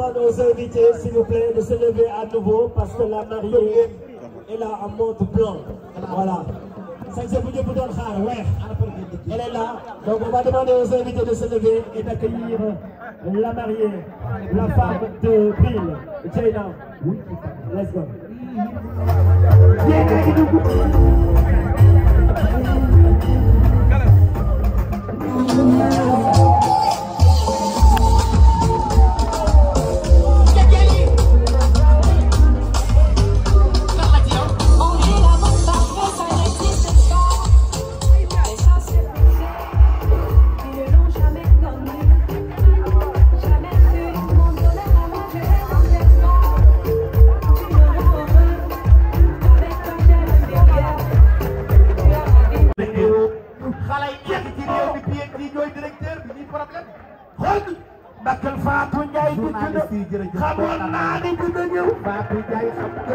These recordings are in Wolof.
demande aux invités, s'il vous plaît, de se lever à nouveau parce que la mariée est là en mode blanc. Voilà. Elle est là. Donc on va demander aux invités de se lever et d'accueillir la mariée, la femme de Bril, Jaina. Let's go. Bakel Fatou Ndiaye. journaliste yi jërëjëf xamoon naa ni dina ñëw. Fatou Ndiaye xam nga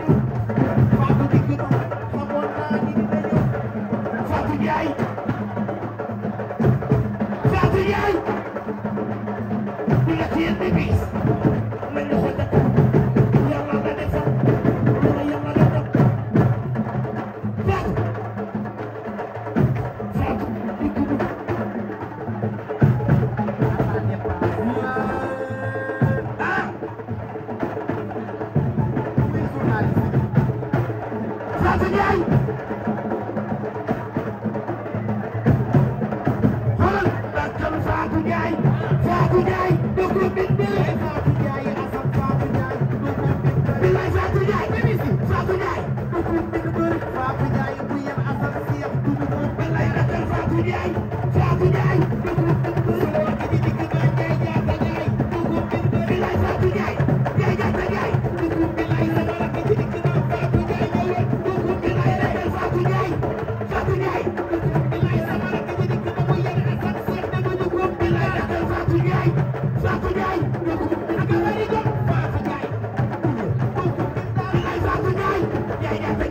Ndiaye Thank you.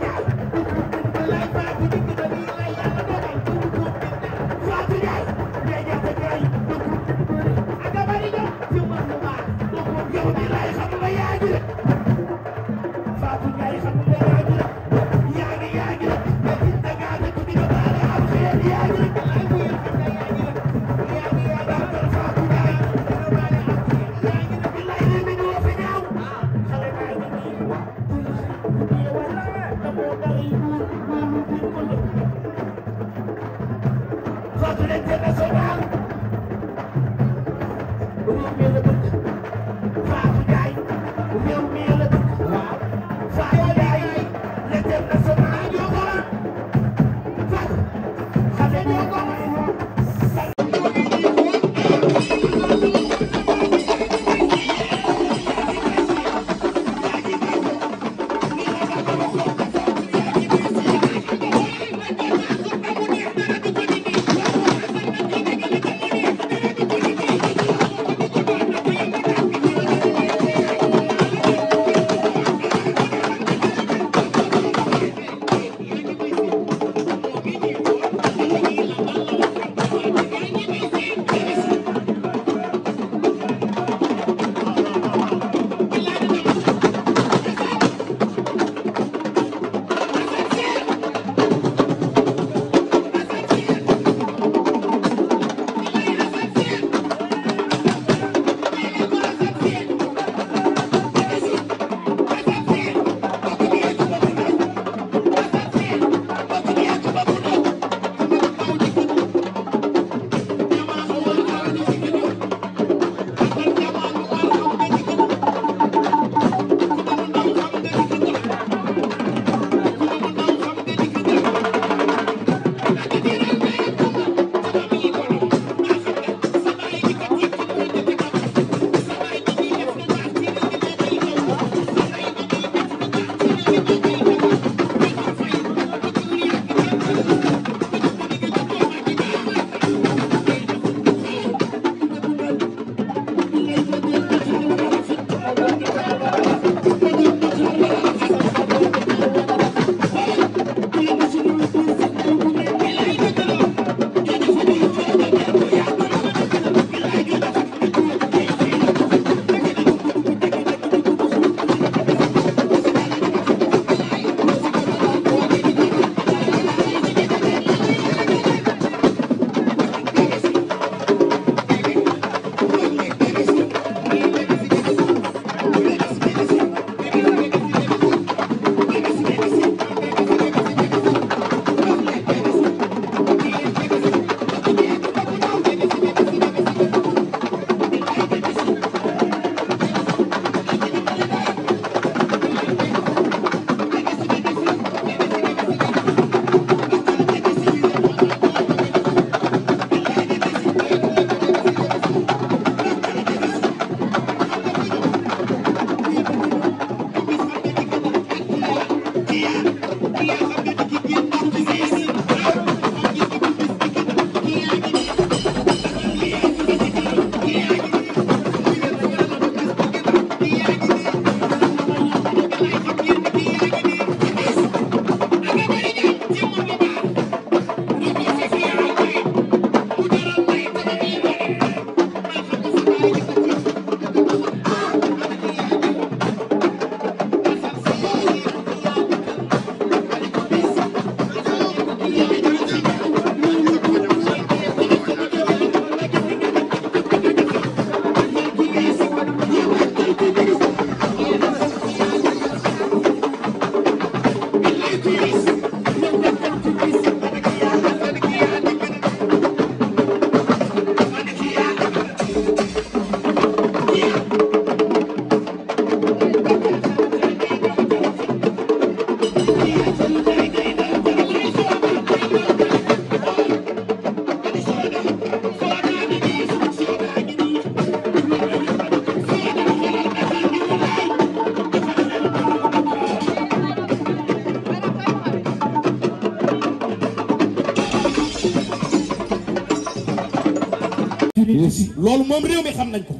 moom réew mi xam nañ ko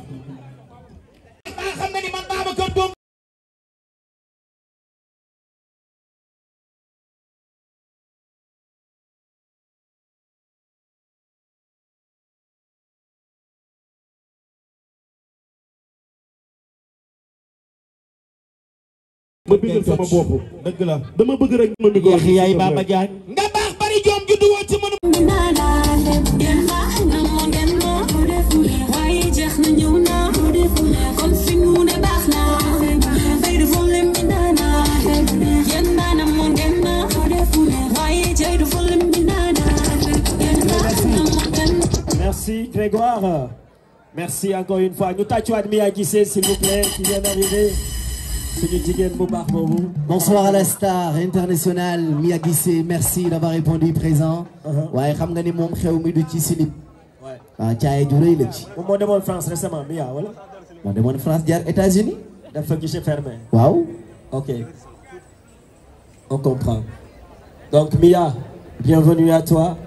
baa xam na ni man Babacar Ngom ma bindal sama bopp dëgg la dama bëgg rek ma micro yaay Baba Diagne nga baax Merci Grégoire. Merci encore une fois. Nous tâchons Mia Guissé, s'il vous plaît, qui vient d'arriver. Bonsoir à la star internationale Mia Merci d'avoir répondu présent. waaye uh-huh. xam nga ni moom xew mi du ci silib. waaw ah, caay ju rëy la ci. moom moo demoon France récemment moo demoon France jaar États-Unis dafa guichet fermé. waaw. ok. on comprend. donc Mia, bienvenue à toi.